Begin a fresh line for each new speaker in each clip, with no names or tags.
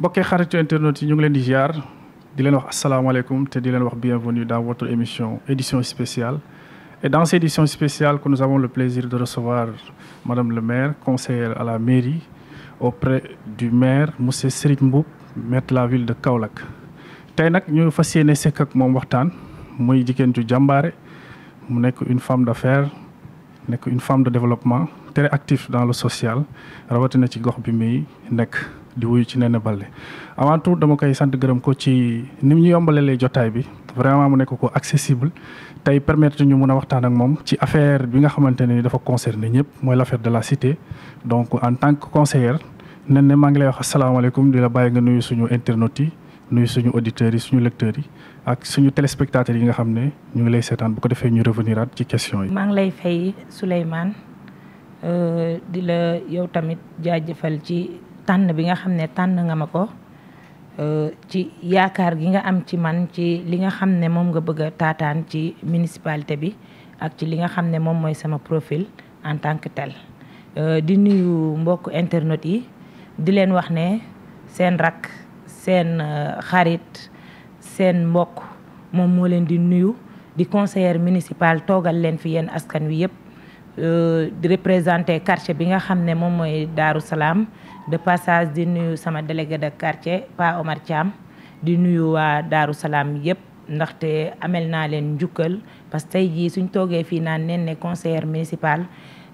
mbokkee xaritu internet yi ñu ngi leen di ziar di leen wax asalaamaaleykum te di leen wax bienvenue dans votre émission édition spéciale et dans cette édition spéciale que nous avons le plaisir de recevoir madame le maire conseillère à la mairie auprès du maire monsieur Serigne Mboup maire de la ville de Kaolack tey nag ñu fas yéene sekk moom waxtaan muy jigéen ju jàmbaare mu nekk une femme d'affaires nekk une femme de développement très active dans le sociale rawatina ci gox bi muy nekk di wuyu ci Néné Balde avant tout dama koy sant gërëm ko ci ni mu ñu yombalalee jotaay bi vraiment mu nekk ko accessible tey permettre ñu mun a waxtaan ak moom ci affaire bi nga xamante ne dafa concerné ñëpp maa ngi lay wax asalaamaaleykum di la bàyyi nga nuyu suñu internautes yi nuyu suñu auditeurs yi suñu lecteurs yi ak suñu téléspectateurs yi nga xam ne ñu ngi lay seetaan bu ko defee ñu reveniraat ci question yi. maa
ngi lay fay Souleymane euh, di tànn bi nga xam ne tànn nga ma ko euh, ci yaakaar gi nga am ci man ci li nga xam ne moom nga bëgg a taataan ci municipalité bi ak ci li nga xam ne moom mooy sama profile en tant que tel. Euh, di nuyu mbokk internet yi di leen wax ne seen rakk seen euh, xarit seen mbokk moom moo leen di nuyu di conseillère municipal toogal leen fi yéen askan wi yëpp. di représenter quartier bi nga xam ne moom mooy Daaru Salaam de passage di nuyu sama délégué de quartier Pa Omar Thiam di nuyu waa Daaru Salaam yëpp ndaxte ameel naa leen njukkal parce que tey jii suñ toogee fii naa neen ne conseillère municipal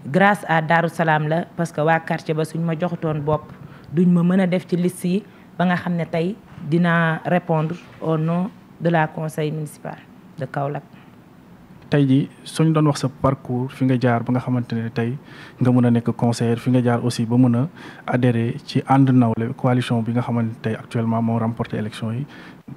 grace à Daaru Salaam la parce que waa quartier ba suñ ma joxutoon bopp duñ ma mën a def ci liste yi ba nga xam ne tey dina répondre au nom de la conseil municipal de Kaolack
tey ji suñ doon wax sa parcours fi nga jaar ba nga xamante ne tey nga mën a nekk conseiller fi nga jaar aussi ba mën a adhérer ci ànd nawle coalition bi nga xamante tey actuellement moo remporté élection yi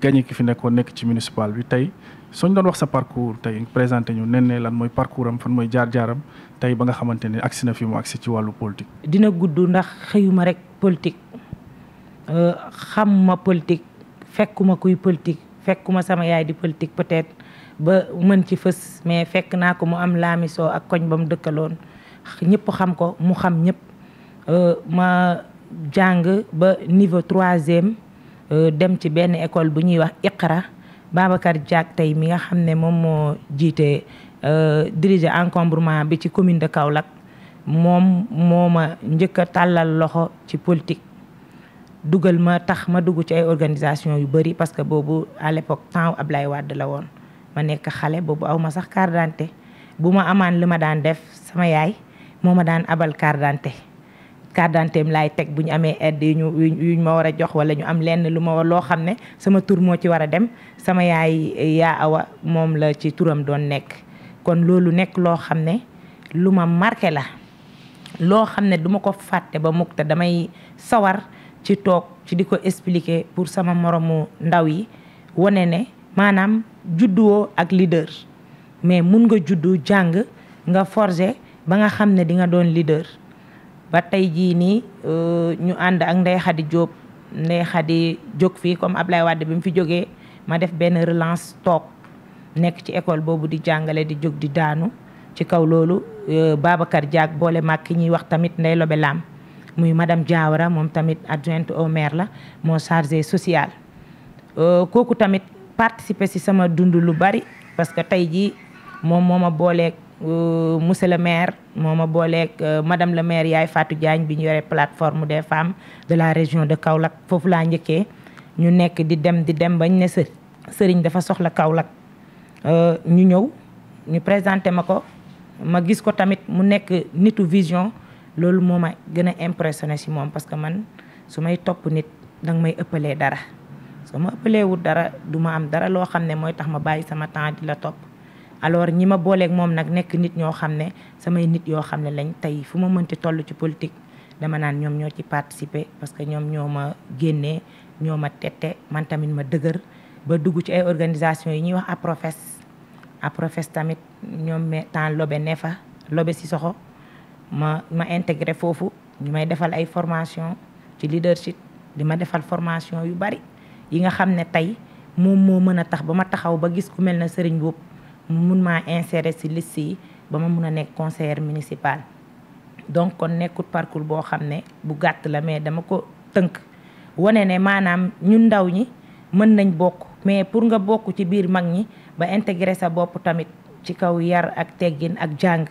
gagné ki fi nekkoon nekk ci municipal bi tey suñ doon wax sa parcours tey présenté ñu nen ne lan mooy parcours am fan mooy jaar-jaaram tey ba nga xamante ne agsi na fi mu agsi ci wàllu politique. dina gudd ndax xëyuma rek politique euh,
xam ma politique fekkuma kuy politique fekkuma sama yaay di politique peut-être. ba mën ci fës mais fekk naa ko mu am laamisoo ak koñ ba mu dëkkaloon ñëpp xam ko mu xam ñëpp euh, ma jàng ba niveau troisième euh, dem ci benn école bu ñuy wax Iqra Babacar Diak tey mi nga xam ne moom moo jiite euh, diriger encombrement bi ci commune de Kaolack moom moo ma njëkk a tàllal loxo ci politique dugal ma tax ma dugg ci ay organisation yu bëri parce que boobu à l'époque temps Ablaye Wade la woon ma nekk xale boobu aw ma sax carte d'identité bu ma amaan li ma daan def sama yaay moo ma daan abal carte d'identité am laay teg bu ñu amee aide yu ñu ma war a jox wala ñu am lenn lu ma loo xam ne sama tur moo ci war a dem sama yaay yaa awa moom la ci turam doon nekk kon loolu nekk loo xam ne lu ma marqué la loo xam ne du ma ko fàtte ba mukk te damay sawar ci toog ci di ko expliquer pour sama moromu ndaw yi wane ne maanaam judduwoo ak leader mais mun nga juddu jàng nga forger ba nga xam ne di nga doon leader ba tey jii nii euh, ñu ànd ak Ndeye Khady Diop Ndeye Khady jóg fii comme Ablaye Wade bi mu fi jógee ma def benn relance toog nekk ci école boobu di jàngale di jóg di daanu ci kaw loolu euh, Babacar Diak boole mag ki ñuy wax tamit Ndeye Lobe muy ma dem Diawara moom tamit adjointe au maire la moo chargé social euh, kooku tamit participer si sama dund lu bari parce que tey jii moom moo ma booleeg euh, monsieur le maire moo ma booleeg euh, madame le maire Yaay Fatou Diagne bi ñu yore plateforme des femmes de la région de Kaolack foofu laa njëkkee ñu nekk di dem di dem bañ ne sëriñ dafa soxla Kaolack euh, ñu ñëw ñu présenté ma ko ma gis ko tamit mu nekk nitu vision loolu moo ma gën a impressionné si moom parce que man su may topp nit danga may ëppalee dara soo ma ëppalee wut dara du ma am dara loo xam ne mooy tax ma bàyyi sama temps di la topp alors ñi ma booleeg moom nag nekk nit ñoo xam ne samay nit yoo xam ne lañ tey fu ma mënti toll ci politique dama naan ñoom ñoo ci participer parce que ñoom ñoo ma génnee ñoo ma tette man tamit ma dëgër ba dugg ci ay organisation yi ñuy wax APROFES APROFES tamit ñoom me temps lobe ne fa lobe si soxo ma ma intégré foofu ñu may defal ay formation ci leadership di ma defal formation yu bari yi nga xam ne tey moom moo mën a tax ba ma taxaw ba gis ku mel na sëriñ boobu mun maa insérer ci liste yi ba ma mun a nekk conseillère municipale donc kon nekkut parcours boo xam ne bu gàtt la mais dama ko tënk wane ne maanaam ñun ndaw ñi mën nañ bokk mais pour nga bokk ci biir mag ñi ba intégrer sa bopp tamit ci kaw yar ak teggin ak jàng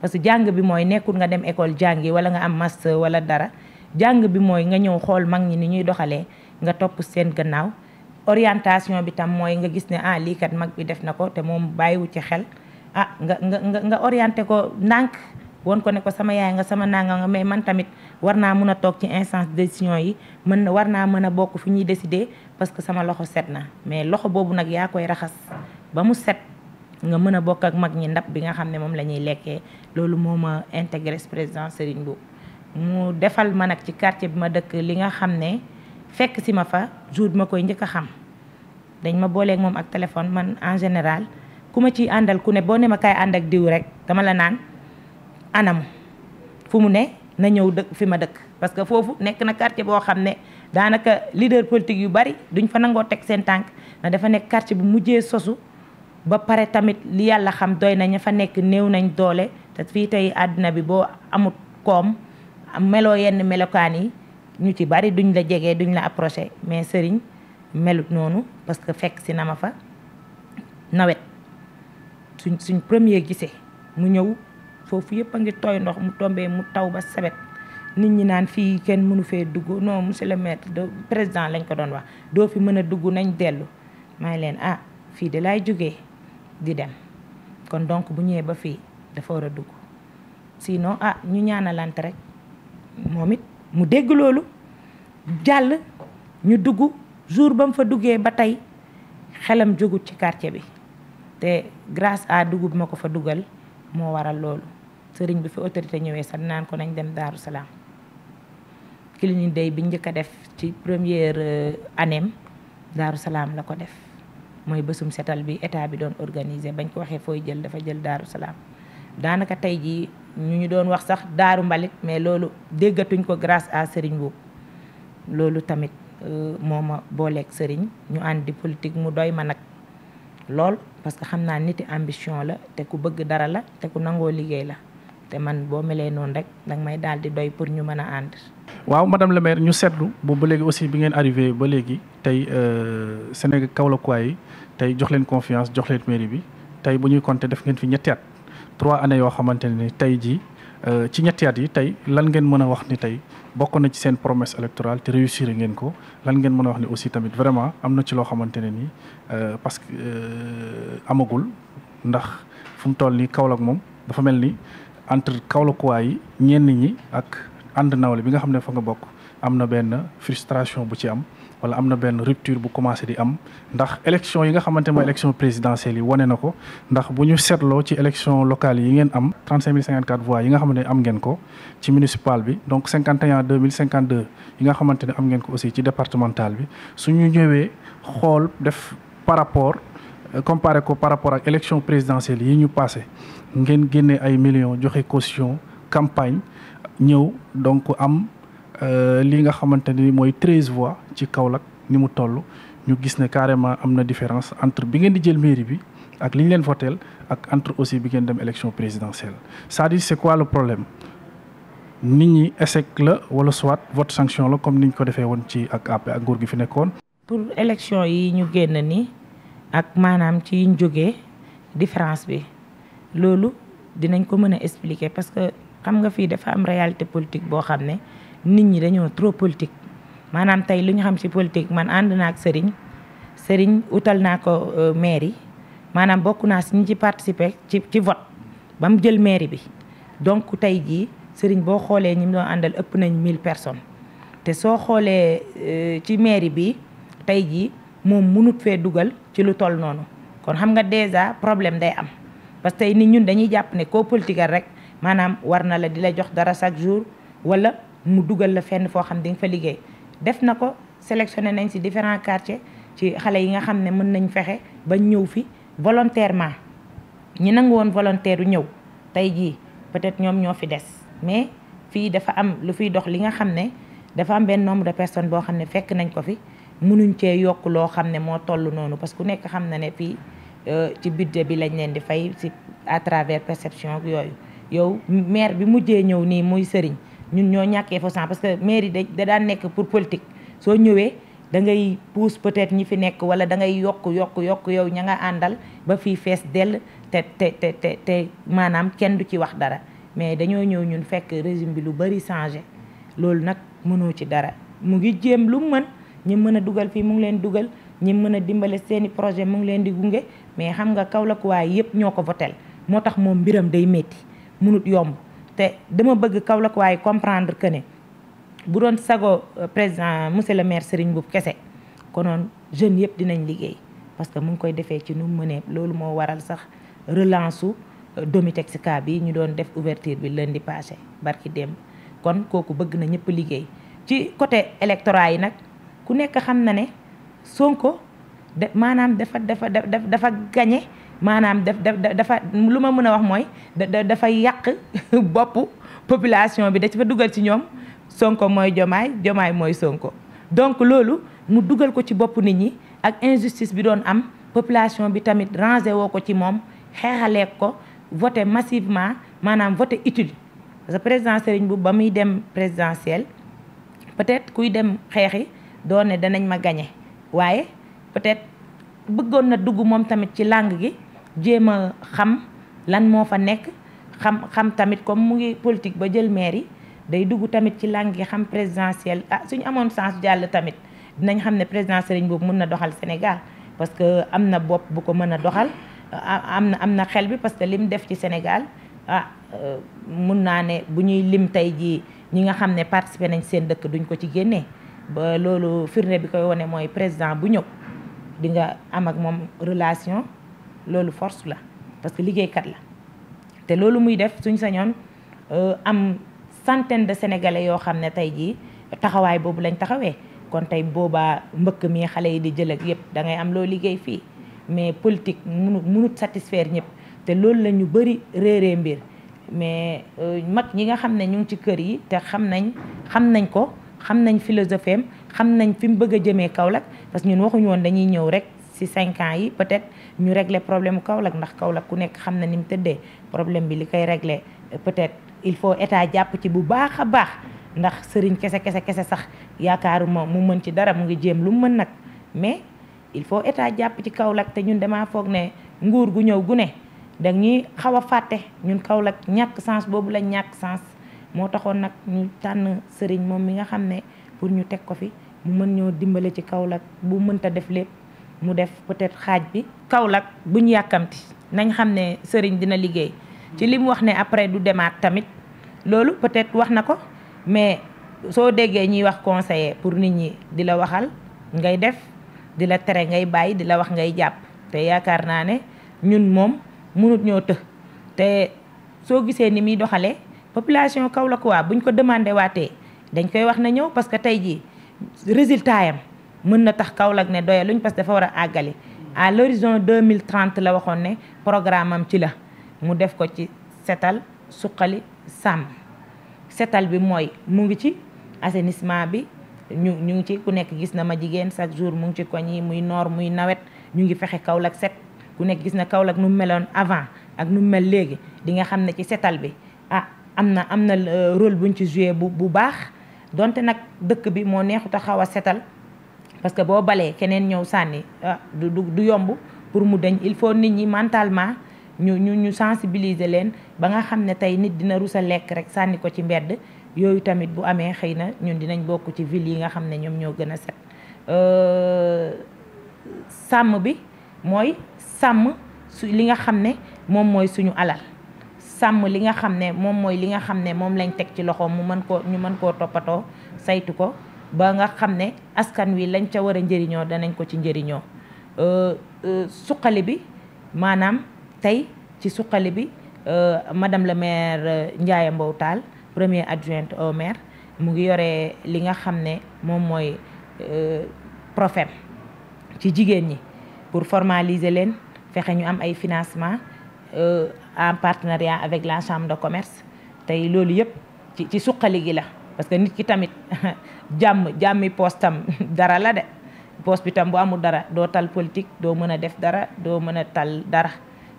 parce que jàng bi mooy nekkul nga dem école yi wala nga am master wala dara jàng bi mooy nga ñëw xool mag ñi ni ñuy doxalee nga topp seen gannaaw orientation bi tam mooy nga gis ne ah lii kat mag bi def na ko te moom bàyyiwu ci xel ah nga nga nga nga orienté ko ndànk woon ko ne ko sama yaay nga sama nanga nga mais man tamit war naa mën a toog ci instance décision yi mën war naa mën a bokk fi ñuy décider parce que sama loxo set na mais loxo boobu nag yaa koy raxas ba mu set nga mën a bokk ak mag ñi ndab bi nga xam ne moom la ñuy lekkee loolu moo ma intégré président Serigne Mboup mu dëkk li nga xam ne fekk si ma fa jour ma koy njëkk a xam dañ ma booleeg moom ak téléphone man en général ku ma ciy àndal ku ne boo ne ma kaay ànd ak diw rek dama la naan anam fu mu ne na ñëw dëkk fi ma dëkk parce que foofu nekk na quartier boo xam ne daanaka leader politique yu bari duñ fa nangoo teg seen tànk na dafa nekk quartier bu mujjee sosu ba pare tamit li yàlla xam doy na ña fa nekk néew nañ doole te fii tey àddina bi boo amut koom meloo yenn melokaan yi ñu ci bari duñ la jege duñ la approché mais sëriñ melut noonu parce que fekk si na ma fa nawet suñ suñ premier gise mu ñëw foofu yëpp a ngi tooy ndox mu tombee mu taw ba sabet nit ñi naan fii kenn mënu fee dugg non monsieur le maire de président lañ ko doon wax doo fi mën a dugg nañ dellu maa leen ah fii de lay jóge di dem kon donc bu ñëwee ba fii dafa war a dugg sino ah ñu ñaanalante rek moom it mu dégg loolu jàll ñu dugg jour ba mu fa duggee ba tey xelam jógut ci quartier bi te grâce à dugub ma ko fa dugal moo waral loolu sëriñ bi fi autorité ñëwee sax naan ko nañ dem Daaru Salaam clinique day bi njëkk a def ci première euh, année Daaru Salaam la ko def mooy bësum setal bi état bi doon organiser bañ ko waxee fooy jël dafa jël Daaru Salaam daanaka tey jii ñu ñu doon wax sax daaru mbalit mais loolu déggatuñ ko grace à Serigne boobu loolu tamit euh, moom a booleek Serigne ñu ànd di politique mu doy ma nag lool parce que xam naa niti ambition la te ku bëgg dara la te ku nangoo liggéey la te man boo melee noonu rek danga may daal di doy pour ñu mën a ànd.
waaw madame le maire ñu seetlu bu ba léegi aussi bi ngeen arrivé ba léegi tey euh, Sénégal Kaolack yi tey jox leen confiance jox leen mairie bi tey bu ñuy compter def ngeen fi ñetti at trois années yoo xamante ne tey jii euh, ci ñetti yi tey lan ngeen mën a wax ni tey bokk na ci seen promesse électorale te réussir ngeen ko lan ngeen mën a wax ni aussi tamit vraiment am na ci xamante ne nii euh, parce que euh, amagul ndax fu mu toll nii Kaolack moom dafa mel ni entre Kaolack waa yi ñenn ñi ak ànd nawle bi nga xam ne fa nga bokk am na benn frustration bu ci am. wala am na benn rupture bu commencé di am ndax élection yi nga xamante mooy élection présidentielle yi wone na ko ndax bu ñu seetloo ci élection locale yi ngeen am 35 054 voix yi nga xamante ne am ngeen ko ci municipal bi donc 51 2052 yi nga xamante ne am ngeen ko aussi ci départemental bi suñu ñëwee xool def par rapport euh, comparer ko par rapport ak élection présidentielle yi ñu passé ngeen génnee ay million joxe caution campagne ñëw donc am Euh, li nga xamante ni mooy treize voix ci Kaolack ni mu toll ñu gis ne carrément am na différence entre bi ngeen di jël mairie bi ak li ñu leen voteel ak entre aussi bi ngeen dem élection présidentielle c'est-à-dire c'est quoi le problème nit ñi échec la wala soit vote sanction la comme niñ ko defee woon ci ak AP ak nguur gi fi nekkoon.
pour élection yi ñu génn ni ak maanaam ci ñu jógee différence bi loolu dinañ ko mën a expliquer parce que xam nga fii dafa am réalité politique boo xam ne. nit ñi dañoo trop politique maanaam tey lu ñu xam ci politique man ànd naa ak Serigne Serigne utal naa ko euh, mairie maanaam bokk naa ci ñi ci participer ci ci vote ba mu jël mairie bi donc tey jii Serigne boo xoolee ñi mu doon àndal ëpp nañ mille personnes te soo xoolee euh, ci mairie bi tey jii moom mënut fee dugal ci lu toll noonu kon xam nga déjà problème day am parce que nit ñun dañuy jàpp ne koo politique rek maanaam war na la di la jox dara chaque jour wala mu dugal la fenn foo xam di nga fa liggéey def na ko sélectionné nañ si différent quartiers ci xale yi nga xam ne mën nañ fexe ba ñëw fi volontairement ñi nangu woon volontaire ñëw tey jii peut-être ñoom ñoo fi des mais fii dafa am lu fiy dox li nga xam ne dafa am benn nombre de personne boo xam ne fekk nañ ko fi munuñ cee yokk loo xam ne moo toll noonu parce que ku nekk xam na ne fii euh, ci budget bi lañ leen di fay si à travers perception yooyu yow maire bi mujjee ñëw nii muy sëriñ ñun ñoo ñàkkee fo sant parce que mairie da daan nekk pour politique soo ñëwee da ngay pousse peut-être ñi fi nekk wala da ngay yokk yokk yokk yow ña nga àndal ba fii fees dell te te te te te maanaam kenn du ci wax dara mais dañoo ñëw ñun fekk résime bi lu bari changé loolu nag mënoo ci dara mu ngi jéem lu mën ñi mën a dugal fii mu ngi leen dugal ñi mën a dimbale seeni projet mu ngi leen di gunge mais xam nga Kaolack waaye yëpp ñoo ko votel moo tax moom mbiram day métti munut yomb te dama bëgg Kaolack waaye comprendre que ne bu doon sago euh, président monsieur le maire Serigne Mboup kese konoon jeunes yëpp dinañ liggéey parce que mu ngi koy defee ci nu mu mënee loolu moo waral sax relance su euh, Domitexca bi ñu doon def ouverture bi leen lundi passé barki démb kon kooku bëgg na ñëpp liggéey ci côté électorat yi nag ku nekk xam na ne Sonko de maanaam dafa dafa dafa dafa gañe maanaam daf dafa lu ma mën a wax mooy da yàq bopp population bi da ci fa dugal ci ñoom Sonko mooy Jomaay Jomaay mooy Sonko donc loolu mu dugal ko ci boppu nit ñi ak injustice bi doon am population bi tamit rangé woo ko ci moom xeexalee ko voté massivement maanaam voté utile parce que président bu ba muy dem présidentielle peut-être kuy dem xeexi doon ne danañ ma gañe waaye peut-être bëggoon na dugg moom tamit ci làng gi jéem a xam lan moo fa nekk xam xam tamit comme mu ngi politique ba jël maire yi day dugg tamit ci làng gi xam présidentielle ah suñu amoon sens jàll tamit dinañ xam ne président Serigne boobu mun na doxal Sénégal parce que am na bopp bu ko mën a doxal am na am na xel bi parce que lim def ci Sénégal ah euh, mun naa ne bu ñuy lim tey jii ñi nga xam ne participé nañ seen dëkk duñ ko ci génnee ba loolu firnde bi koy wane mooy président bu ñëw dinga am ak moom relation loolu force la parce que liggéeykat la te loolu muy def suñ sañoon euh, am centaine de sénégalais yoo xam ne tey jii taxawaay boobu lañ taxawee kon tey boobaa mbëkk mi xale yi di jël ak yëpp da ngay am loo liggéey fii mais politique munu munut satisfaire ñëpp te loolu la ñu bëri réeree mbir mais euh, mag ñi nga xam ne ñu ngi ci kër yi te xam nañ xam nañ ko xam nañ philosophie am xam nañ fi mu bëgg a jëmee Kaolack parce que ñun waxuñu woon dañuy ñëw rek ci cinq yi peut-être ñu régler problème mu Kaolack ndax Kaolack ku nekk xam na ni mu tëddee problème bi li koy régle peut-être il faut état jàpp ci bu baax a baax ndax sëriñ kese kese kese sax yaakaaruma mu mën ci dara mu ngi jéem lu mu mën nag mais il faut état jàpp ci Kaolack te ñun damaa foog ne nguur gu ñëw gu ne dañuy xaw a fàtte ñun Kaolack ñàkk sens boobu lañ ñàkk sens moo taxoon nag ñu tànn sëriñ moom mi nga xam ne pour ñu teg ko fi mu mën ñoo dimbale ci Kaolack bu mënta def mu def peut-être xaaj bi Kaolack buñ yàkkamti nañ xam ne sëriñ dina liggéey ci li mu wax ne après du demaat tamit loolu peut-être wax na ko mais soo déggee ñuy wax conseiller pour nit ñi di la waxal ngay def di la tere ngay bàyyi di la wax ngay jàpp te yaakaar naa ne ñun moom mënut ñoo të te soo gisee ni muy doxalee population Kaolack waa buñ ko demandé waatee dañ koy wax na ñëw parce que tey jii résultat yam mën na tax Kaolack ne doya luñ parce que dafa war a àggali à l'horizon 2030 la waxoon ne programme am ci la mu def ko ci setal suqali sàmm setal bi mooy mu ngi ci assainissement bi ñu ñu ngi ci ku nekk gis na ma jigéen chaque jour mu ngi ci koñ yi muy noor muy nawet ñu ngi fexe Kaolack set ku nekk gis na Kaolack nu meloon avant ak nu mel léegi di nga xam ne ci setal bi ah am na am na euh, rôle buñ ci joué bu bu baax donte nag dëkk bi moo neexut a xaw a setal parce que boo balee keneen ñëw sànni ah du du yomb pour mu deñ il faut nit ñi mentalement ñu ñu ñu sensibiliser leen ba nga xam ne tey nit dina rusa lekk rek sànni ko ci mbedd yooyu tamit bu amee xëy na ñun dinañ bokk ci ville yi nga xam ne ñoom ñoo gën a set euh, sàmm bi mooy sàmm su li nga xam ne moom mooy suñu alal sàmm li nga xam ne moom mooy li nga xam ne moom lañ teg ci loxoom mu mën koo ñu mën koo toppatoo saytu ko ba nga xam ne askan wi lañ ca war a njëriñoo danañ ko ci njëriñoo euh, euh, suqali bi maanaam tey ci suqali bi euh, madame le maire Ndiaye Mbow Tall premier adjointe au maire mu ngi yore li nga xam ne moom mooy profem ci jigéen ñi pour formaliser leen fexe ñu am ay financement en partenariat avec la chambre de commerce tey loolu yëpp ci ci gi la parce que nit ki tamit jàmm jàmmi poos tam dara la de poos bi tam bu amul dara doo tal politique doo mën a def dara doo mën a tal dara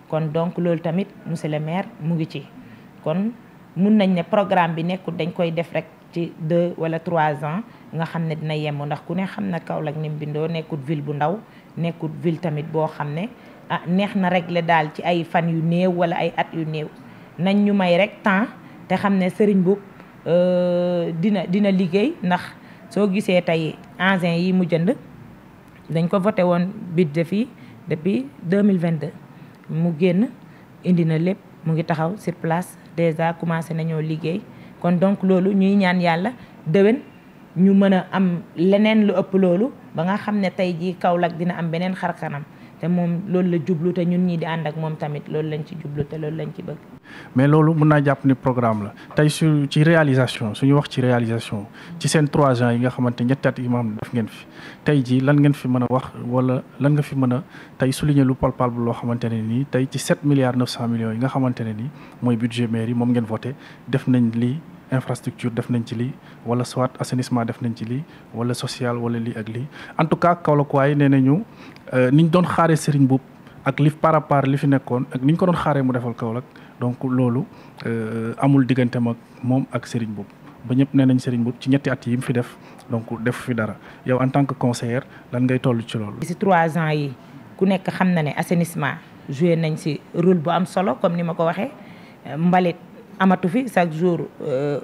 kon donc loolu tamit monsieur le maire mu ngi ci kon mun nañ ne programme bi nekkul dañ koy def rek ci deux wala trois ans nga xam ne dina yemb ndax ku ne xam na Kaolack ni mu bindoo nekkut ville bu ndaw nekkut ville tamit boo xam ne ah neex na régler daal ci ay fan yu néew wala ay at yu néew nañ ñu may rek temps te xam ne Serigne Mboup euh, dina dina liggéey ndax soo gisee tey engins yi mu jënd dañ ko voté woon budget fii depuis deux mille 2022 mu génn indi na lépp mu ngi taxaw sur place déjà commencé nañoo liggéey kon donc loolu ñuy ñaan yàlla déwén ñu mën a am leneen lu ëpp loolu ba nga xam ne tey jii Kaolack dina am beneen xar te moom loolu la jublu te ñun ñii di ànd ak moom tamit loolu lañ ci bëgg.
mais loolu mun naa jàpp ni programme la tey su ci réalisation suñu wax ci réalisation ci seen trois ans yi nga xamante ñetti at yi def ngeen fi tey jii lan ngeen fi mën a wax wala lan nga fi mën a tey souligner lu palpable loo xamante ne nii tey ci sept milliards neuf cent millions yi nga xamante ne nii mooy budget mairie moom ngeen voté def nañ lii infrastructure def nañ ci lii wala soit assainissement def nañ ci lii wala social wala lii ak lii en tout cas Kaolack waay nee nañu Euh, niñ doon xaaree Serigne Boub ak lif par rapport li fi nekkoon ak niñ ko doon xaaree mu defal Kaolack donc loolu euh, amul diggante mag moom ak Serigne Boub ba ñëpp nee nañ Serigne Boub ci ñetti at yi mu fi def donc def fi dara yow en tant que conseillère lan ngay toll ci loolu. ci
trois ans yi ku nekk xam na ne assainissement joué nañ ci rôle bu am solo comme ni ma ko waxee mbalit amatu fi chaque jour euh,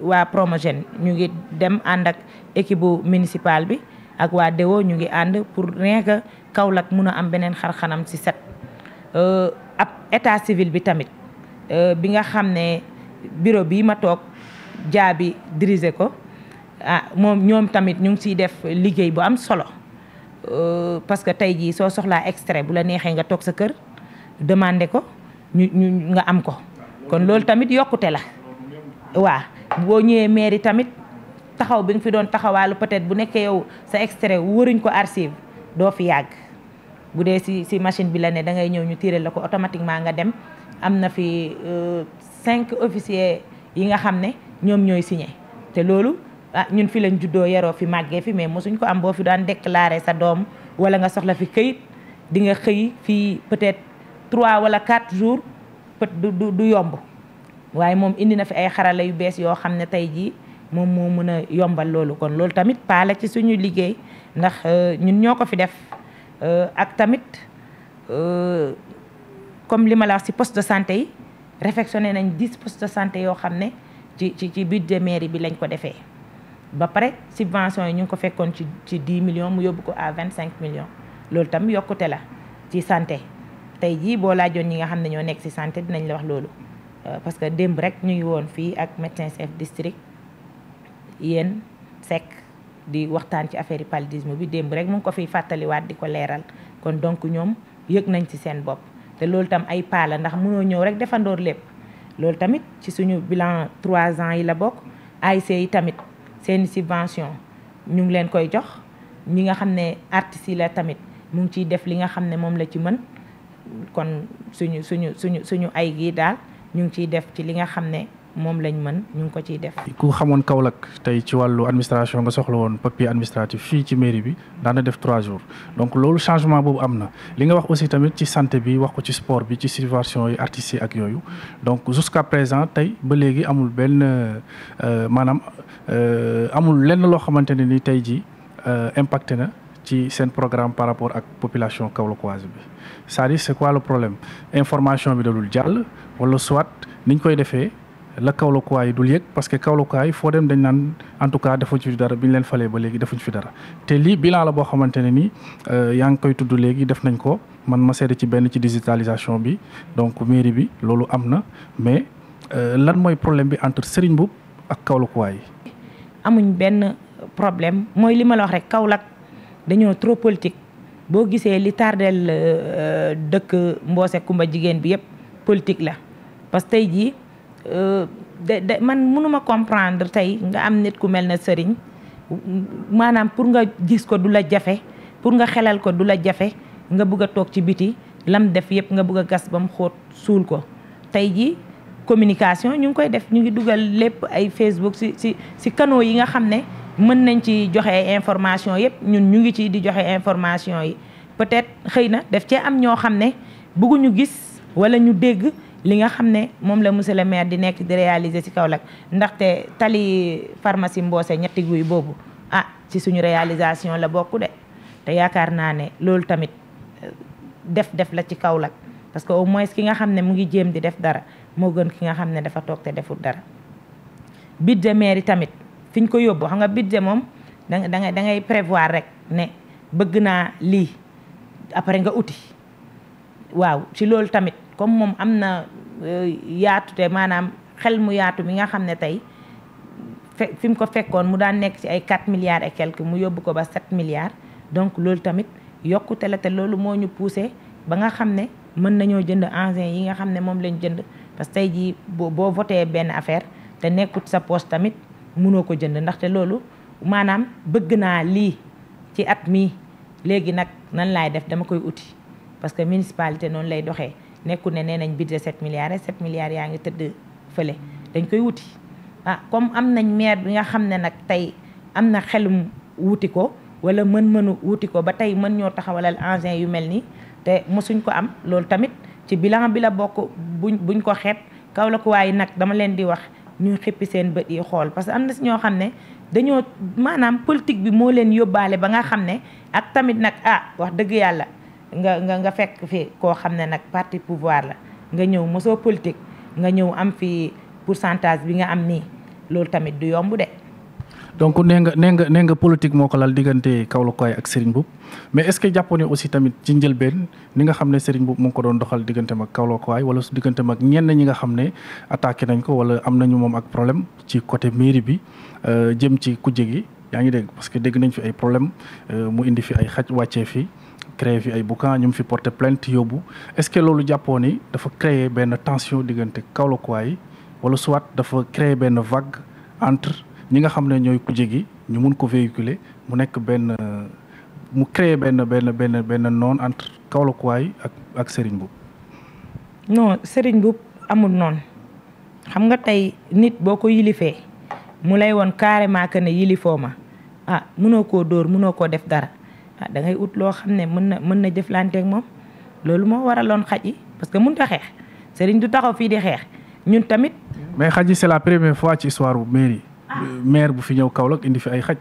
waa Promogène ñu ngi dem ànd ak équipe municipale bi. ak waa Dewo ñu ngi ànd pour rien que Kaolack mun a am beneen xar-xanam si set euh, ab état civil bi tamit euh, bi nga xam ne bureau bi ma toog jaabi dirigé ko ah moom ñoom tamit ñu ngi siy def liggéey bu am solo euh, parce que tey jii soo soxlaa extrait bu la neexee nga toog sa kër demandé ko ñu ñu nga am ko kon loolu tamit yokkute la waa boo ñëwee mairie tamit taxaw bi nga fi doon taxawaalu peut-être bu nekkee yow sa extrait wëruñ ko archive doo fi yàgg bu dee si si machine bi la ne da ngay ñëw ñu tiire la ko automatiquement nga dem am na fi euh, cinq officiers yi nga xam ne ñoom ñooy signé te loolu ah ñun fi lañ juddoo yaroo fi màggee fi mais mosuñ ko am boo fi daan déclarer sa doom wala nga soxla fi këyit di nga xëy fii peut-être trois wala quatre jours peut du du yomb waaye moom indi na fi ay xarala yu bees yoo xam ne tey jii moom moo mën a yombal loolu kon loolu tamit paa la ci suñu liggéey ndax euh, ñun ñoo ko fi def euh, ak tamit euh, comme li ma la wax ci poste de santé yi réfectionné nañ dix postes de santé yoo xam ne ci ci ci budget mairie bi lañ ko defee ba pare subvention yi ñu ngi ko fekkoon ci ci dix millions mu yóbbu ko à vingt cinq millions loolu tam yokkute la ci santé tey jii boo laajoon ñi nga xam ne ñoo nekk ci santé dinañ la wax loolu parce que démb rek ñu ngi woon fii ak médecin chef district yéen Seck di waxtaan ci affaire yi paludisme bi démb rek mu ngi ko fiy fàttaliwaat di ko leeral kon donc ñoom yëg nañ ci seen bopp te loolu tam ay paala ndax mënoo ñëw rek defandoor lépp loolu tamit ci suñu bilan trois ans yi la bokk AIC yi tamit seen sibvention ñu ngi leen koy jox ñi nga xam ne artistes yi la tamit mu ngi ciy def li nga xam ne moom la ci mën kon suñu suñu suñu suñu ay gi daal ñu ngi ciy def ci li nga xam ne moom lañ man ñu ngi ko ciy def.
ku xamoon Kaolack tey ci wàllu administration nga soxla woon papier administratif fii ci mairie bi daana def trois jours donc loolu changement boobu am na li nga wax aussi tamit ci santé bi wax ko ci sport bi ci subvention yi artistes yi ak yooyu donc jusqu'à présent tey ba léegi amul benn euh, maanaam euh, amul lenn loo xamante ne ni tey jii euh, impacté na. ci seen programme par rapport ak population kaolackoise bi c'est-à-dire c'est le problème information bi dalul jàll wala soit niñ koy defee la Kaolackois yi dul yëg parce que Kaolackois yi foo dem dañ naan en tout cas defuñ fi dara bi ñu leen falee ba léegi defuñ fi dara te lii bilan la boo xamante ne nii euh, yaa ngi koy tudd léegi def nañ ko man ma seede ci benn ci digitalisation bi donc mairie bi loolu am na mais euh, lan mooy problème bi entre Serigne Mboup ak Kaolackois
amuñ benn problème mooy li ma la wax rek dañoo trop politique boo gisee li tardel euh, dëkk Mboose Kumba jigéen bi yëpp politique la parce Euh, de de man mënuma comprendre tey nga am nit ku mel ne sëriñ maanaam pour nga gis ko du la jafe pour nga xelal ko du la jafe nga bëgg a toog ci biti lam def yëpp nga bëgg gas ba mu xóot suul ko tey ji communication ñu ngi koy def ñu ngi dugal lépp ay Facebook si si si canaux yi nga xam ne mën nañ ci joxe ay information yëpp ñun ñu ngi ci di joxe information yi peut-être xëy na daf cee am ñoo xam ne bëgguñu gis wala ñu dégg li nga xam ne moom la monsieur le maire di nekk di réaliser ci Kaolack ndaxte tali pharmacie Mboose ñetti guy boobu ah ci suñu réalisation la bokku de te yaakaar naa ne loolu tamit euh, def def la ci Kaolack parce que au moins ki nga xam ne mu ngi jéem di def dara moo gën ki nga xam ne dafa toog te deful dara budget maire tamit fiñ ko yóbbu xam nga budget moom da ngay da ngay prévoir rek ne bëgg naa lii après nga uti waaw ci loolu tamit comme moom am na euh, yaatu te maanaam xel mu yaatu mi nga xam ne tey fe fi mu ko fekkoon mu daan nekk ci ay 4 milliards et quelque mu yóbbu ko ba 7 milliards donc loolu tamit yokkute la te loolu moo ñu poussé ba nga xam ne mën nañoo jënd engins yi nga xam ne moom lañ jënd parce que tey jii boo boo voté benn affaire te nekkut sa poche tamit mënoo ko jënd ndaxte loolu maanaam bëgg naa lii ci at mii léegi nag nan laay def dama koy uti parce que municipalité noonu lay doxee nekku ne nee nañ budget 7 milliards 7 milliards yaa ngi tëdd fële dañ koy wuti ah comme am nañ maire bi nga xam ne nag tey am na xelum wuti ko wala mën-mënu wuti ko ba tey mën ñoo taxawalal engins yu mel nii te mosuñ ko am loolu tamit ci bilan bi la bokk buñ buñ ko xeet kaw ko waaye nag dama leen di wax ñu xippi seen bët yi xool parce que am na si ñoo xam ne dañoo maanaam politique bi moo leen yóbbaale ba nga xam ne ak tamit nag ah wax dëgg yàlla nga nga nga fekk fi koo xam ne nag parti pouvoir la nga ñëw mosoo politique nga ñëw am fi pourcentage bi nga am nii loolu tamit du yomb de.
donc nee nga nee nga nee nga politique moo ko lal diggante Kaolack ak Serigne Mboup mais est-ce que jàppoon aussi tamit ci njëlbeen ni nga xam ne Serigne Mboup mu ngi ko doon doxal diggante mag Kaolack Kouaye wala su diggante mag ñenn ñi nga xam ne attaqué nañ ko wala am nañu moom ak problème ci côté mairie bi euh, jëm ci kujje gi yaa ngi dégg parce que dégg nañ fi ay problème euh, mu indi fi ay xaj wàccee fi créé fi ay boucan ñu fi porté plainte yóbbu est-ce que loolu jàppoo ni dafa créer benn tension diggante Kaolackois yi wala soit dafa créer benn vague entre ñi nga xam ne ñooy kuje gi ñu mun ko véhiculer mu nekk benn mu créer benn benn benn benn noon entre Kaolackois yi ak ak Serigne Mboup
non Serigne Mboup amul noonu xam nga tey nit boo ko yilifee mu lay woon carrément que ne yilifoo ma ah mënoo koo dóor mënoo koo def dara ah da ngay ut loo xam ne mën na mën na jëflanteeg moom loolu moo waraloon xaj yi parce que mënut a xeex sëriñ du taxaw fii di xeex ñun tamit.
mais xaj yi c'est la première fois ci histoire bu mairie. Ah. maire bu fi ñëw Kaolack indi fi ay xaj.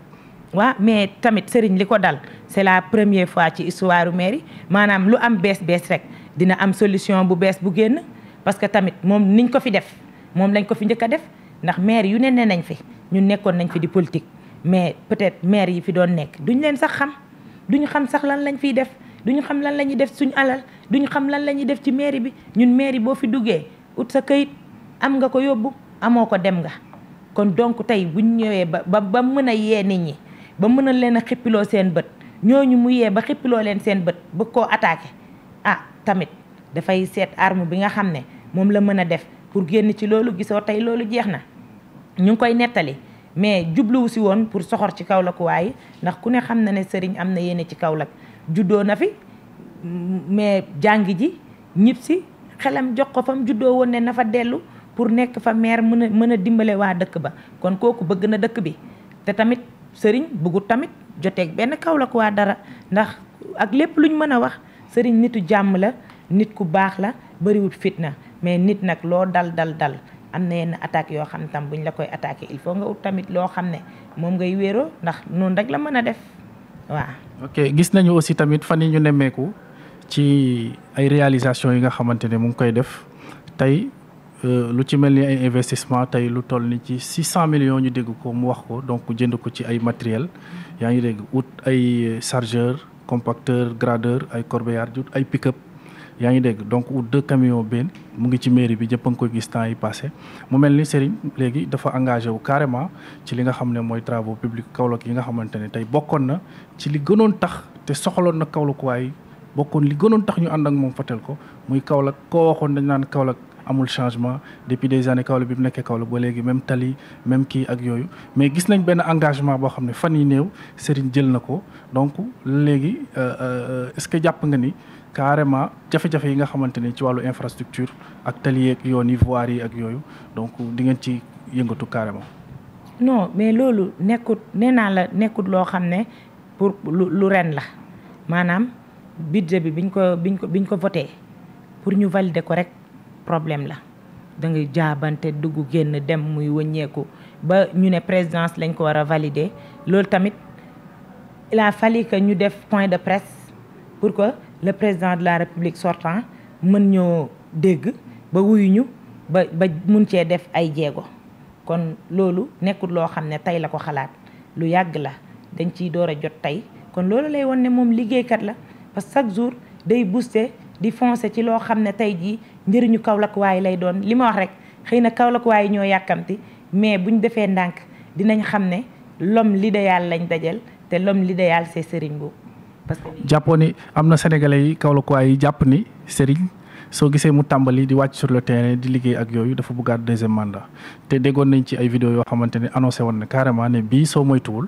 waaw mais tamit sëriñ li ko dal c'est la première fois ci histoire bu mairie maanaam lu am bees bees rek dina am solution bu bees bu génn parce que tamit moom niñ ko fi def moom lañ ko fi njëkk a def ndax maire yu ne ne nañ fi ñun nekkoon nañ fi di politique mais peut-être maire yi fi doon nekk duñ leen sax xam. duñu xam sax lan lañ fiy def duñu xam lan la ñuy def suñu alal duñu xam lan la ñuy def ci mairie bi ñun mairie boo fi duggee ut sa kayit am nga ko yóbbu amoo ko dem nga kon donc tey buñ ñëwee ba ba ba mën a yee nit ñi ba mën a leen a xippiloo seen bët ñooñu mu yee ba xippiloo leen seen bët bëgg koo attaqué ah tamit dafay seet arme bi nga xam ne moom la mën a def pour génn ci loolu gisoo tey loolu jeex na ñu ngi koy nettali mais jubluwu si woon pour soxor ci Kaolack waaye ndax ku ne xam na ne sëriñ am na yéene ci Kaolack juddoo na fi mais jàngi ji ñib si xelam jox ko fam juddoo woon ne na fa dellu pour nekk fa maire mën a mën a dimbale waa dëkk ba kon kooku bëgg na dëkk bi te tamit sëriñ bëggut tamit joteeg benn Kaolack waa dara ndax ak lépp luñ mën a wax sëriñ nitu jàmm la nit ku baax la bëriwul fitna mais nit nag loo dal dal dal am na yenn attaques yoo xam tam buñ la koy attaqué il faut nga ut tamit loo xam ne moom ngay wéeroo ndax noonu rek la mën a def waaw.
ok gis nañu aussi tamit fan yi ñu nemmeeku ci ay réalisation yi nga xamante ne mu ngi koy def tey euh, lu ci mel ni ay investissement tey lu tol ni ci six cent millions ñu dégg ko mu wax ko donc jënd ko ci ay matériel yaa ngi dégg ut ay chargeur compacteur gradeur ay corbeillard ut ay pick-up yaa ngi dégg donc deux camions benn mu ngi ci mairie bi jëpp a ngi koy gis temps yi passé mu mel ni Serigne léegi dafa engagé wu carrément ci li nga xam ne mooy travaux publics Kaolack yi nga xamante ne tey bokkoon na ci li gënoon tax te soxaloon na Kaolack waaye bokkoon li gënoon tax ñu ànd ak moom fatel ko muy Kaolack koo waxoon dañ naan Kaolack amul changement depuis des années Kaolack bi mu nekkee Kaolack ba léegi même tali même kii ak yooyu mais gis nañ benn engagement boo xam ne fan yi néew Serigne jël na ko donc léegi euh, euh, euh, est-ce que jàpp nga ni carrément jafe-jafe yi nga xamante ni ci wàllu infrastructure ak tali yoon yi voies yi ak yooyu donc di ci yëngatu carrément.
non mais loolu nekkut nee naa la nekkut loo xam ne pour lu ren la maanaam budget bi biñ ko biñ ko biñ ko vote pour ñu valider ko rek problème la da ngay jaabante dugg génn dem muy wëññeeku ba ñu ne présidence lañ ko war a valider loolu tamit il a ñu def point de presse pour ko le président de la république sortant mën ñoo dégg ba wuyuñu ba ba mun cee def ay jéego kon loolu nekkul loo xam ne tey la ko xalaat lu yàgg la dañ ciy door a jot tey kon loolu lay won ne moom liggéeykat la parce chaque jour day booster di foncer ci loo xam ne tey jii njëriñu Kaolack lay doon li ma wax rek xëy na Kaolack ñoo yàkkamti mais bu buñ defee ndànk dinañ xam ne lom l'idéal lañ dajal te lom l'idéal see Serigne Mboup
parce que jàppoo am na sénégale yi Kaolack yi jàpp ni Serigne soo gisee mu tàmbali di wàcc sur le terrain di liggéey ak yooyu dafa bëggaat deuxième mandat te déggoon nañ ci ay vidéo yoo xamante ne annoncé woon na carrément ne bii soo moytuwul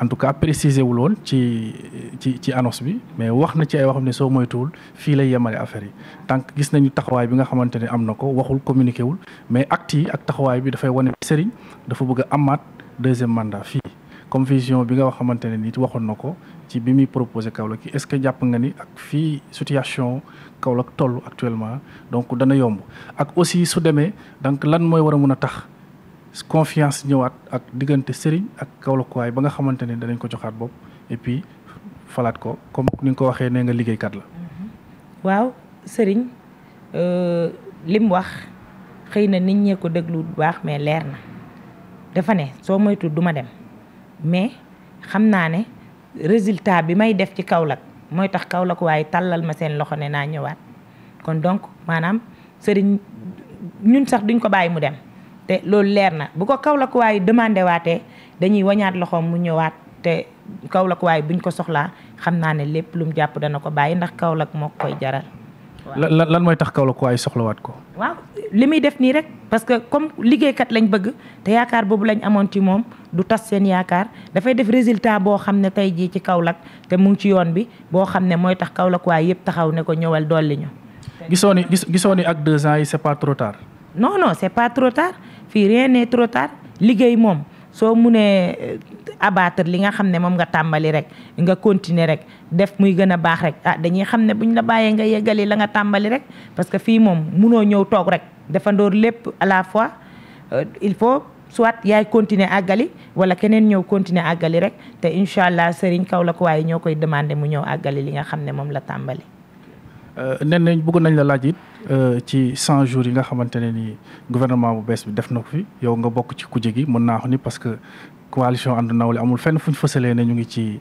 en tout cas précisé wul woon ci ci ci annonce bi mais wax na ci ay waxam ne soo moytuwul fii lay yemale affaire yi tant gis nañu taxawaay bi nga xamante ne am na ko waxul communiqué wul mais acte yi ak taxawaay bi dafay wane Serigne dafa bëgg a deuxième mandat fii comme vision bi nga xamante ne nit waxoon na ko ci bi muy proposé Kaolack est-ce que jàpp nga ni ak fii situation Kaolack toll actuellement donc dana yomb ak aussi su demee donc lan mooy war a mën a tax confiance ñëwaat ak diggante sëriñ ak Kaolack waay ba nga xamante ne danañ ko joxaat bopp et puis falaat ko comme ni ko waxee nee nga liggéeykat la. Mm-hmm.
waaw sëriñ euh, lim wax xëy na nit ñee ko déglu bu baax mais leer na dafa ne soo moytu duma dem mais xam naa ne. résultat bi may def ci Kaolack mooy tax Kaolack waaye tàllal ma seen loxo ne naa ñëwaat kon donc maanaam seriñ ñun sax duñ ko bàyyi mu dem te loolu leer na bu ko Kaolack waaye demande waatee dañuy wañaat loxoom mu ñëwaat te Kaolack waaye buñ ko soxlaa xam naa ne lépp lu mu jàpp dana ko bàyyi ndax Kaolack moo koy jaral
lan lan mooy tax Kaolack waaye soxlawaat ko.
waaw li muy def nii rek parce que comme liggéeykat lañ bëgg te yaakaar boobu lañ amoon ci moom du tas seen yaakaar dafay def résultat boo xam ne tey jii ci Kaolack te mu ngi ci yoon bi boo xam ne mooy tax Kaolack waaye yëpp taxaw ne ko ñëwal dolli ñu.
gisoo ni gisoo ni ak deux ans yi c'est pas trop tard.
non non c'est pas trop tard fii rien n'est liggéey moom. soo munee eh, abattre li nga xam ne moom nga tàmbali rek nga continuer rek def muy gën a baax rek ah dañuy xam ne bu ñu la bàyyee nga yeggali la nga tàmbali rek parce que fii moom munoo ñëw toog rek defandoor lépp à la fois euh, il faut soit yaay continuer àggali wala keneen ñëw continuer àggali rek te incha allah kaw la ko waaye ñoo koy demande mu ñëw àggali li nga xam ne moom la tàmbali
Euh, nen nañ bëgg nañ la laaj it euh, ci cent jours yi nga xamante ne ni gouvernement bu bees bi def na ko fi yow nga bokk ci kuje gi mën naa ko ni parce que coalition ànd nawle amul fenn fu ñu fësalee ne ñu ngi ci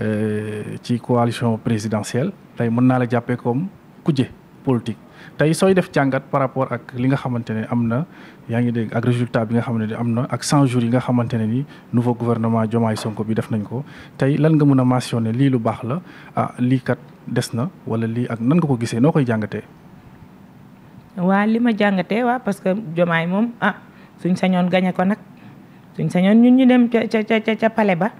euh, ci coalition présidentielle tey mën naa la jàppee comme kuje politique. tey sooy def jàngat par rapport ak li nga xamante ne am na yaa ngi dégg ak résultat bi nga xam ne am na ak cent jours yi nga xamante ne ni nouveau gouvernement Diomaye Sonko bi def nañ ko tey lan nga mën a mentionné lii lu baax la a ah, lii kat. des na wala lii ak nan nga ko gisee noo koy jàngatee.
waa li ma jàngatee waa parce que jomaay moom ah suñ sañoon gañe ko nag suñ sañoon ñun ñu dem ca ca ca ca palais ba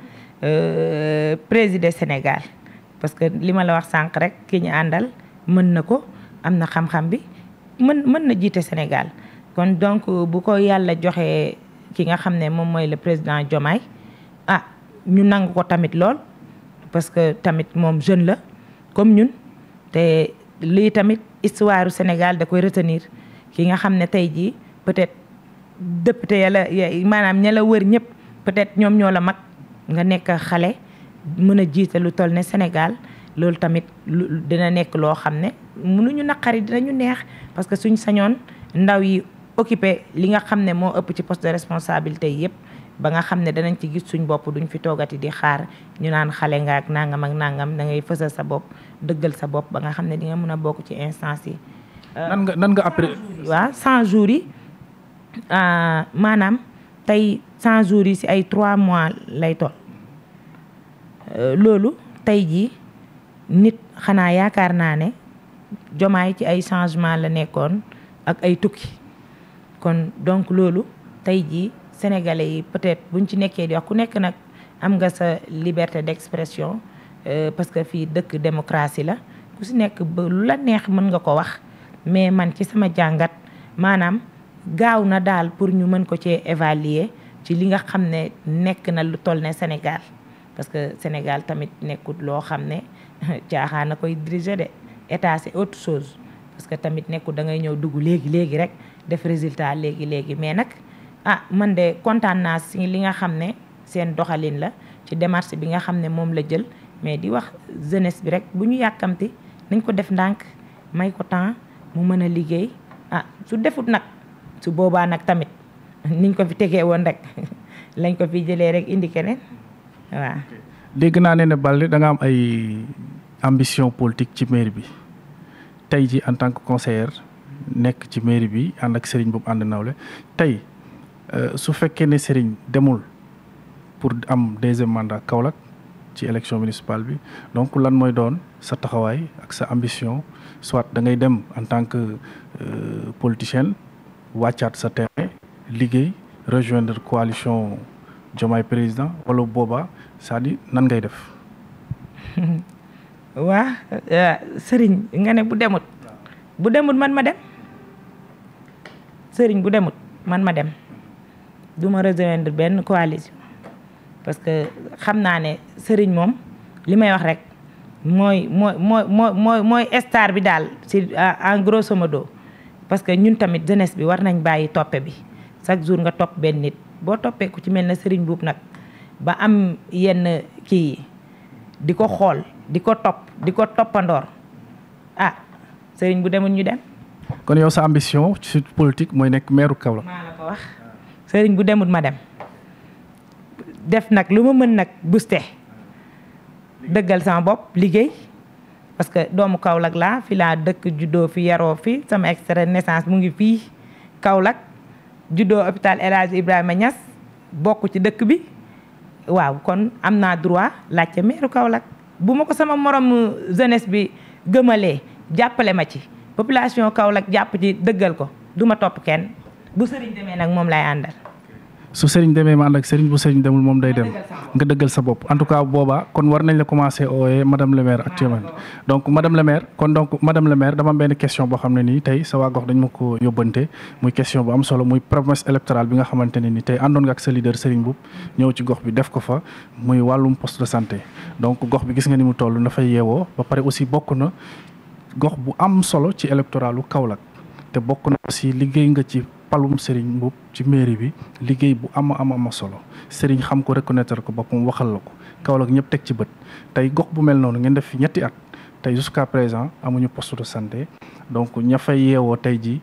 euh, président Sénégal parce que li ma la wax sànq rek ki ñu àndal mën na ko am na xam-xam bi mën mën na jiite Sénégal kon donc bu ko yàlla joxee ki nga xam ne moom mooy le président Jomaay ah ñu nangu ko tamit lool parce que tamit moom jeune la comme ñun te lii tamit histoire Sénégal da koy retenir ki nga xam ne tey jii peut-être député ya la maanaam ña la wër ñëpp peut-être ñoom ñoo la mag nga nekk xale mën a jiite lu toll ne Sénégal loolu tamit dina nekk loo xam ne mënuñu naqari dinañu neex parce que suñ sañoon ndaw yi occupé li nga xam ne moo ëpp ci poste de responsabilité yëpp ba nga xam ne danañ ci gis suñ bopp duñ fi toogati di xaar ñu naan xale nga ak nangam ak nangam da ngay fësal sa bopp dëggal sa bopp ba nga xam ne di nga mën a bokk ci instance yi. Euh, nan nga nan nga après. waaw 100 jours yi euh, maanaam tey 100 jours yi si ay 3 mois lay toll euh, loolu tey jii nit xanaa yaakaar naa ne jomaa yi ci ay changements la nekkoon ak ay tukki kon donc loolu tey ji sénégalais yi peut-être buñ ci nekkee di wax ku nekk nag am nga sa liberté d'expression euh, parce que fii dëkk démocratie la ku si nekk ba lu la neex mën nga ko wax mais man ci sama jàngat maanaam gaaw na daal pour ñu mën ko cee évaluer ci li nga xam ne nekk na lu toll ne Sénégal parce que Sénégal tamit nekkut loo xam ne caaxaan na koy diriger de état si autre chose parce que tamit nekkul da ngay ñëw dugg léegi léegi rek def résultat léegi léegi mais nag ah man de kontaan naa si li nga xam ne seen doxalin la ci démarche bi nga xam ne moom la jël mais di wax jenes bi rek bu ñu yàkkamti nañ ko def ndànk may ko temps mu mën a liggéey ah su defut nag su boobaa nag tamit niñ ko fi tegee woon rek lañ ko fi jëlee rek indi keneen
waaw. dégg naa ne ne Balde da nga am ay ambition politique ci mairie bi tey ji en tant que conseillère nekk ci mairie bi ànd ak Serigne boobu ànd nawle tey. Euh, su fekkee ne Serigne demul pour am deuxième mandat Kaolack ci élection municipale bi donc lan mooy doon sa taxawaay ak sa ambition soit da ngay dem en tant que euh, politicien wàccaat sa terrain liggéey rejoindre coalition Diomaye président wala booba c'est-à-dire nan ngay def.
waa euh, Serigne nga ne bu demut. bu demut man ma dem Serigne bu demut man ma dem. du ma rejoindre benn coalition parce que xam naa ne sëriñ moom li may wax rek mooy mooy mooy mooy mooy star bi daal ci en grosso modo parce que ñun tamit jeunesse bi war nañ bàyyi toppe bi chaque jour nga topp benn nit boo toppee ku ci mel ne sëriñ buub nag ba am yenn kii di ko xool di ko topp di ko toppandoor ah sëriñ bu demul ñu dem
kon yow sa ambition ci politique mooy nekk maire Kaolack la
sëriñ bu demut ma dem def nag lu ma mën nag buste dëggal sama bopp liggéey parce que doomu Kaolack laa fi laa dëkk juddoo fi yaroo fi sama extrait naissance mu ngi fii Kaolack juddoo hôpital El Hadj Ibrahima Niass bokk ci dëkk bi waaw kon am naa droit laajte meeru Kaolack bu ma ko sama morom jeunesse bi gëmalee jàppale ma ci population Kaolack jàpp ci dëggal ko du ma topp kenn bu sëriñ demee nag moom lay àndal.
su sëriñ demee ma ànd sëriñ bu sëriñ demul moom day dem nga dëggal sa bopp en tout cas boobaa kon war nañ la commencé ooyee madame le maire actuellement ah, donc madam le kon donc madam le dama am benn question boo xam ne nii tey sa waa gox dañ ma ko yóbbante muy question bu am solo muy promesse électorale bi nga xamante ne nii tey àndoon nga ak sa leader Serigne Mboup ñëw ci gox bi def ko fa muy wàllum poste de santé donc gox bi gis nga ni mu toll na fay yeewoo ba pare aussi bokk na gox bu am solo ci électoralu Kaolack te bokk na liggéey nga ci. palum Serigne Mboup ci mairie bi liggéey bu ama ama ama solo Serigne xam ko reconnaître ko boppam waxal la ko Kaolack ñëpp teg ci bët tey gox bu mel noonu ngeen def fi ñetti at tey jusqu'à présent amuñu poste de santé donc ña fay yeewoo tey ji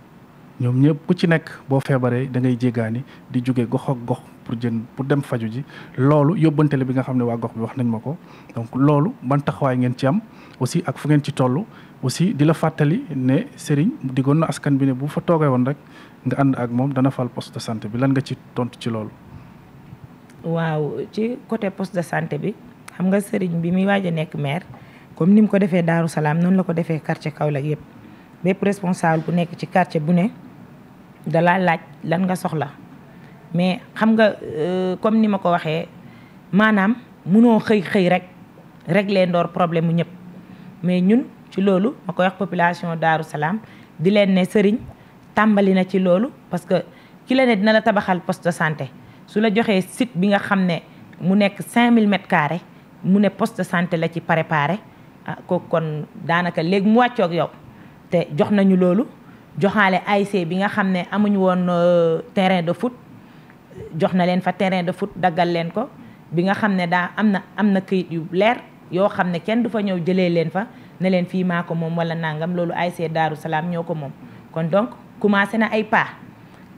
ñoom ñëpp ku ci nekk boo feebaree da ngay jéggaani di jóge gox ak gox pour jën pour dem faju ji loolu yóbbantele bi nga xam ne waa gox bi wax nañ ma ko donc loolu ban taxawaay ngeen ci am aussi ak fu ngeen ci toll aussi di la fàttali ne Serigne digoon na askan bi ne bu fa toogee woon rek nga ànd ak moom dana fal poste de santé bi lan nga ci tontu ci loolu.
waaw ci côté post de santé bi xam nga sëriñ bi muy waaj nekk maire comme ni ma ko defee Daaru Salaam noonu la ko defee quartier Kaolack yëpp bépp responsable bu nekk ci quartier bu ne dalaa laaj lan nga soxla mais xam nga euh, comme ni ma ko waxee maanaam munoo xëy xëy rek régler ndoor problème mu ñëpp mais ñun ci loolu ma koy wax population Daaru Salaam di leen ne sëriñ. tàmbali na ci loolu parce que ki la ne dina la tabaxal poste de santé su la joxee site bi nga xam ne mu nekk 5000 mètres carrés mu ne poste de santé la ci préparé ah kon daanaka léegi mu wàccook yow te jox nañu loolu joxaale ay AIC bi nga xam ne amuñu woon euh, terrain de foot jox na leen fa terrain de foot daggal leen ko bi nga xam ne daa am na am na këyit yu leer yoo xam ne kenn du fa ñëw jëlee leen fa ne leen fii maa ko moom wala nangam loolu AIC Daaru Salaam ñoo ko moom commencé na ay pas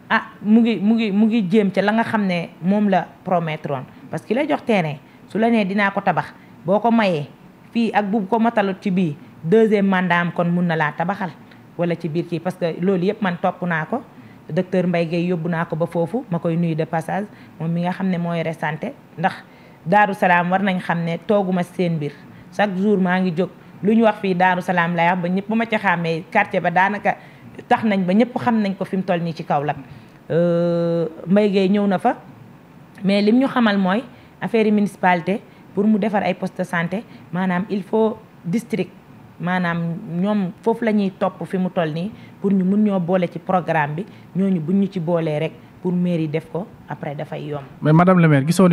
ah mu ngi mu ngi mu ngi jéem ca la nga xam ne moom la promettre woon parce que lay jox terrain su la nee dinaa ko tabax boo ko mayee fii ak bu ko matalut ci bii deuxième mandat am kon mun na laa tabaxal wala ci biir kii parce que loolu yëpp man topp naa ko docteur Mbaye Guèye yóbbu naa ko ba foofu ma koy nuyu de passage moom mi nga xam ne mooy santé ndax Daaru Salaam war nañ xam ne tooguma seen mbir chaque jour maa ngi jóg lu ñu wax fii Daaru Salaam lay wax ma xàmmee quartier ba daanaka tax nañ ba ñëpp xam nañ ko fi mu toll nii ci Kaolack euh, Mbaye Gueye ñëw na fa mais lim ñu xamal mooy affaire yi pour mu defar ay poste de santé maanaam il faut district maanaam ñoom foofu la ñuy topp fi mu toll nii pour ñu mun ñoo boole ci programme bi ñooñu buñ ñu ci boolee rek pour mairie def ko après dafay yomb.
mais madame le maire gisoo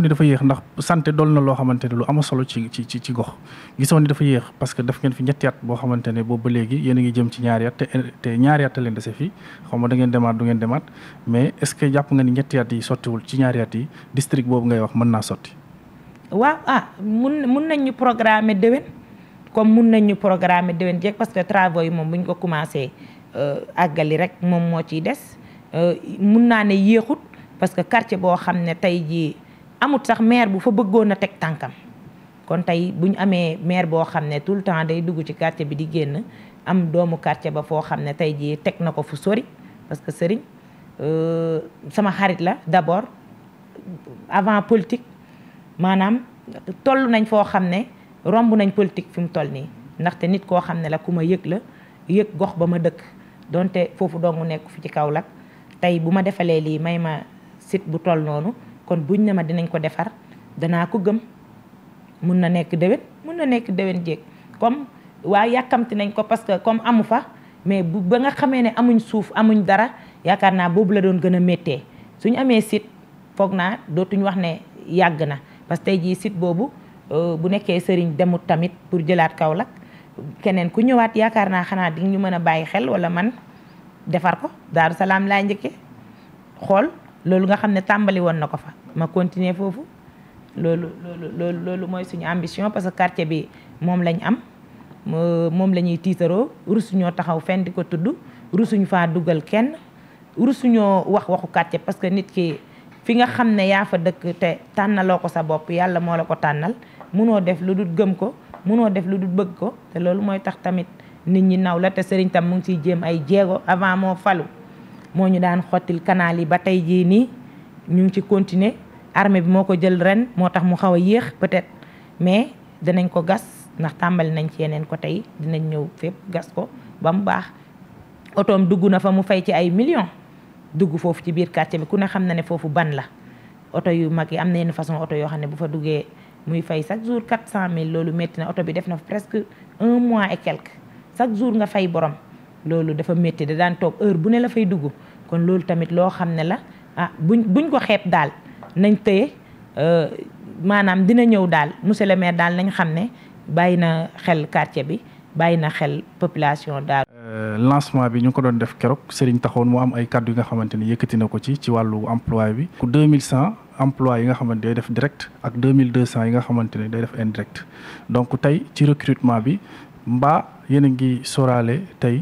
dafa yéex ndax santé dool na loo xamante ne lu am solo ci gox gisoo dafa yéex parce que def ngeen fi ñetti boobu léegi yéen a ngi jëm ci ñaari te te leen dese fii xaw ma da demaat du ngeen demaat mais est jàpp nga ni yi sottiwul ci ñaari yi district boobu ngay wax mën naa sotti.
waaw ah mun mun nañ ñu comme mun nañ ñu programmer Euh, mun naa ne yéexut parce que quartier boo xam ne tey jii amut sax maire bu fa bëggoon a teg tànkam kon tey bu ñu amee maire boo xam ne tout le temps day dugg ci quartier bi di génn am doomu quartier ba foo xam ne tey jii teg na ko fu sori parce que sëriñ euh, sama xarit la d'abord avant politique maanaam toll nañ foo xam ne romb nañ politique fi mu toll nii ndaxte nit koo xam ne la ku ma yëg la yëg gox ba ma dëkk donte foofu dong nekk fi ci Kaolack tey bu ma defalee lii may ma site bu toll noonu kon buñ ne ma dinañ ko defar danaa ko gëm mun na nekk déwén mun na nekk déwén jeeg comme waa yàkkamti nañ ko parce que comme amu fa mais bu ba nga xamee ne amuñ suuf amuñ dara yaakaar naa boobu la doon gën a méttee suñu amee site foog naa dootuñ wax ne yàgg na parce que tey jii sit boobu euh, bu nekkee sëriñ demut tamit pour jëlaat Kaolack keneen ku ñëwaat yaakaar naa xanaa di ñu mën a bàyyi xel wala man defar ko daaru salaam laa njëkkee xool loolu nga xam ne tàmbali woon na ko fa ma continuer foofu loolu loolu mooy suñu ambition parce que quartier bi moom lañ am moom la ñuy tiitaroo rusuñoo taxaw fenn di ko tudd rusuñu faa dugal kenn rusuñoo wax waxu quartier parce que nit ki fi nga xam ne yaa fa dëkk te tànnaloo ko sa bopp yàlla moo la ko tànnal munoo def lu dul gëm ko munoo def lu dul bëgg ko te loolu mooy tax tamit nit ñi naw la te sëriñ tam mu ngi ciy jéem ay jéego avant moo falu moo ñu daan xottil kanaal yi ba tey jii nii ñu ngi ci continuer armée bi moo ko jël ren moo tax mu xaw yéex peut-être mais danañ ko gas ndax tàmbali nañ ci yeneen ko tey dinañ ñëw fépp gas ko ba mu baax otoom dugg na fa mu fay ci ay millions dugg foofu ci biir quartier bi ku ne xam na ne foofu ban la oto yu mag yi am na yenn façon oto yoo xam ne bu fa duggee muy fay chaque jour quatre cent mille loolu métti oto bi def na presque un mois et quelque chaque jour nga fay borom loolu dafa métti da daan toog heure bu ne la fay dugg kon loolu tamit loo xam ne la ah buñ buñ ko xeeb daal nañ tëye euh, maanaam dina ñëw daal monsieur le maire daal nañ xam ne bàyyi na xel quartier bi bàyyi na xel population daal.
Euh, lancement bi ñu ngi ko doon def keroog Serigne taxoon moo am ay kàddu yi nga xamante ni yëkkati na ko ci ci wàllu emploi bi. ku 2100 emploi yi nga xamante day def direct ak 2200 yi nga xamante ne day def indirect donc tey ci recrutement bi mbaa. yéen a ngi sóoraale tey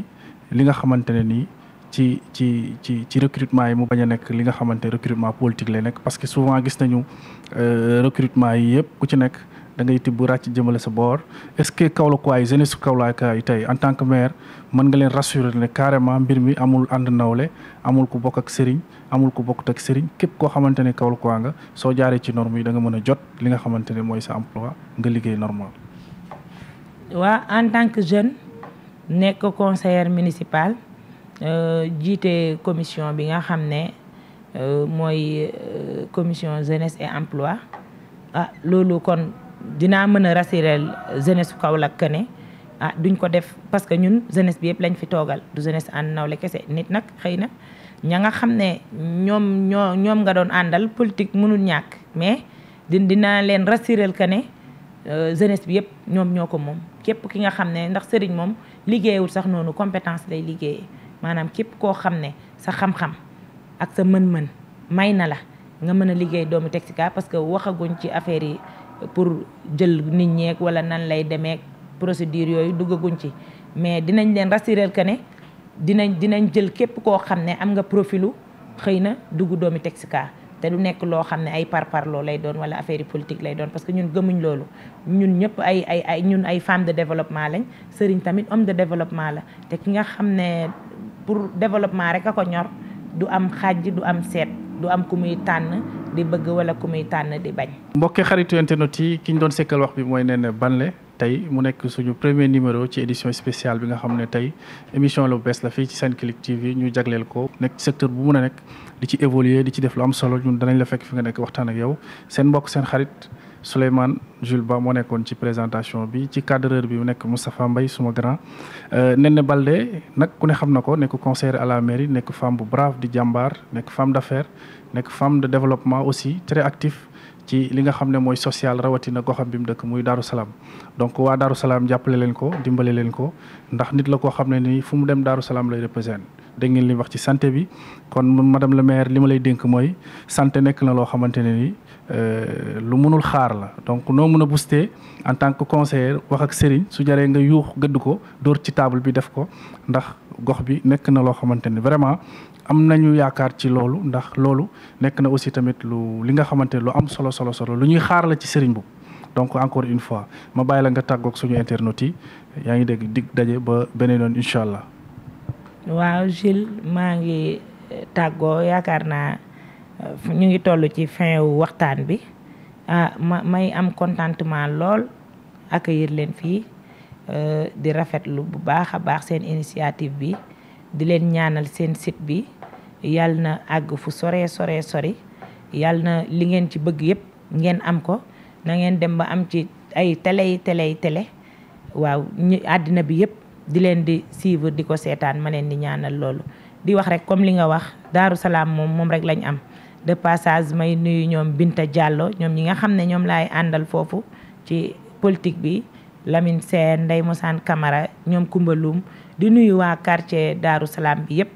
li nga xamante ne nii ci ci ci ci yi mu bañ nekk li nga xamante recrutement politique lay nekk parce que souvent gis nañu euh, recrutement yi yëpp ku ci nekk da ngay bu ràcc jëmale sa boor est-ce que Kaolack waay jeunesse Kaolack waay en tant que maire mën nga leen rassurer ne carrément mbir mi amul ànd nawle amul ku bokk ak sëriñ amul ku bokkut ak sëriñ képp koo xamante ne Kaolack waa nga soo jaaree ci norme yi da nga mën a jot li nga xamante ne mooy sa emploi nga liggéey normal
waa en tant que jeune nekk conseillère municipale euh, jiite commission bi nga xam ne euh, mooy euh, commission jeunesse et emploi ah loolu kon dinaa mën a rassurer jeunesse Kaolack que ne ah duñ ko def parce que ñun jeunesse bi yëpp lañ fi toogal du jeunesse ànd nawle kese nit nag xëy na ña nga xam ne ñoom ñoo ñoom nga doon àndal politique mënul ñàkk mais di dinaa leen rassurer que ne jeunesse bi yëpp ñoom ñoo ko moom képp ki nga xam ne ndax sëriñ moom liggéeyul sax noonu compétence lay liggéeyee maanaam képp koo xam ne sa xam-xam ak sa mën-mën may na la nga mën a liggéey doomu Textica parce que waxaguñ ci affaire yi pour jël nit ñeek wala nan lay demee procédure yooyu duggaguñ ci mais dinañ leen rassurer que ne dinañ dinañ jël képp koo xam ne am nga profilu xëy na dugg doomu Textica te du nekk loo xam ne ay par parparloo lay doon wala affaire politique lay doon parce que ñun gëmuñ loolu ñun ñëpp ay ay ay ñun ay femme de développement lañ sëriñ tamit homme de développement la te ki nga xam ne pour développement rek a ko ñor du am xàjj du am seet du am ku muy tànn di bëgg wala ku muy tànn di bañ
mbokki xaritu internet yi doon sekkal wax bi mooy Néné Banlé tey mu nekk suñu premier numéro ci édition spéciale bi nga xam ne tey émission lu bees la fii ci Senclic TV ñu jagleel ko nekk secteur bu mun a nekk di ci évoluer di ci def lu am solo ñun danañ la fekk fi nga nekk waxtaan ak yow seen mbokk seen xarit Souleymane Jules Ba moo nekkoon ci présentation bi ci cadreur bi mu nekk Moustapha Mbaye suma grand euh, Néné Baldé nag ku ne xam na ko nekk conseillère à la mairie nekk femme bu brave di jàmbaar nekk femme d'affaires nekk femme de développement aussi ci li nga xam ne mooy social rawatina goxam bi mu dëkk muy Daaru Salaam donc waa Daaru Salaam jàppale leen ko dimbale leen ko ndax nit la koo xam ne nii fu mu dem Daaru Salaam lay représenté dégg ngeen li wax ci sante bi kon madame le maire li ma lay dénk mooy sante nekk na loo xamante ne ni euh, lu mënul xaar la donc noo mën a booster en tant que conseiller wax ak Serigne su jaree nga yuux gëdd ko dóor ci table bi def ko ndax gox bi nekk na loo xamante ni vraiment am nañu yaakaar ci loolu ndax loolu nekk na aussi tamit lu li nga xamante lu am solo solo solo lu ñuy xaar ci sëriñ bu donc encore une fois ma bàyyi la nga tàggoog suñu internautes yi yaa ngi dégg digg daje ba beneen yoon incha allah.
waaw Gilles maa ngi eh, tàggoo yaakaar naa eh, ñu ngi toll ci fin wu waxtaan bi ah ma may am contentement lool accueillir leen fii eh, di rafetlu bu baax a baax seen initiative bi. di leen ñaanal seen site bi yàll na àgg fu sore sore sori yàlla na li ngeen ci bëgg yëpp ngeen am ko na ngeen dem ba am ci ay tele yi tele yi télé waaw ñu àddina bi yëpp di leen di suivre di ko seetaan ma leen di ñaanal loolu di wax rek comme li nga wax Daaru Salaam moom moom rek lañ am de passage may nuyu ñoom Binta jàlloo ñoom ñi nga xam ne ñoom laay àndal foofu ci politique bi lamin Sène ndey mosaan kamara ñoom Koumba Loum di nuyu waa quartier Daaru Salaam bi yëpp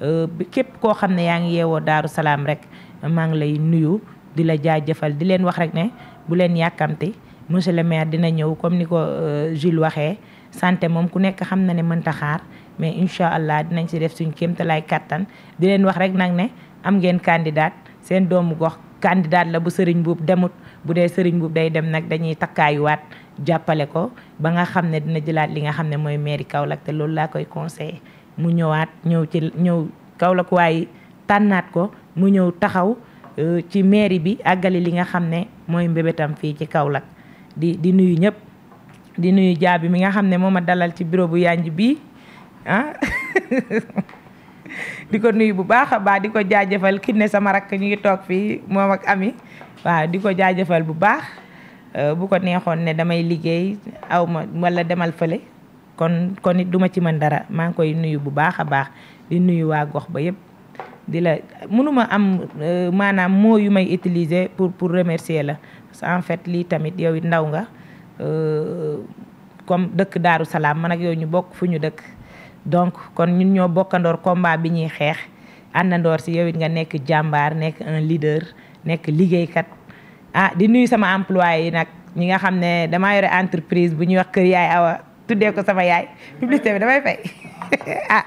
euh, képp koo xam ne yaa ngi yeewoo Daaru Salaam rek maa ngi lay nuyu di la jaajëfal di leen wax rek ne bu leen yàkkamti monsieur le maire dina ñëw comme ni ko euh, Jules waxee sante moom ku nekk xam na ne mënta xaar mais incha allah dinañ si def suñ kéemtalaay kattan di leen wax rek nag ne am ngeen candidat seen doomu gox candidat la bu sëriñ buub demut bu dee sëriñ buub day dem nag dañuy takkaayuwaat jàppale ko ba nga xam ne dina jëlaat li nga xam ne mooy mairie Kaolack te loolu laa koy conseillé mu ñëwaat ñëw ci ñëw Kaolack waaye tànnaat ko mu ñëw taxaw euh, ci mairie bi àggali li nga xam ne mooy mbébétam fii ci Kaolack di di nuyu ñëpp di nuyu jaabi mi nga xam ne moom a dalal ci bureau bu yanj bii ah. di ko nuyu bu baax a baax di ko jaajëfal ne sama rakk ñu ngi toog fii moom ak ami waaw di ko jaajëfal bu baax Euh, bu ko neexoon ne damay liggéey aw ma wala demal fële kon kon it duma ci mën dara maa ngi koy nuyu bu baax a baax di nuyu waa gox ba yëpp di la mënuma am euh, maanaam moo yu may utiliser pour pour remercier la parce en fait lii tamit yow it ndaw nga euh, comme dëkk Daaru Salaam man ak yow ñu bokk fu ñu dëkk donc kon ñun ñoo bokkandoor combat bi ñuy xeex àndandoor si yow it nga nekk jàmbaar nekk un leader nekk liggéeykat ah di nuyu sama employé yi nag ñi nga xam ne damaa yore entreprise bu ñuy wax kër yaay awa tuddee ko sama yaay publicité bi damay fay ah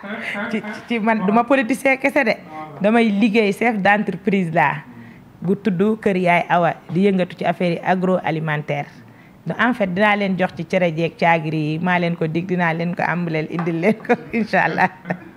ci man du ma politicien kese de damay liggéey chef d' entreprise laa bu tudd kër yaay awa di yëngatu ci affaire yi agro agroalimentaire en fait dinaa leen jox ci cere jeeg caagiri yi maa leen ko dig dinaa leen ko ambuleel indil leen ko incha allah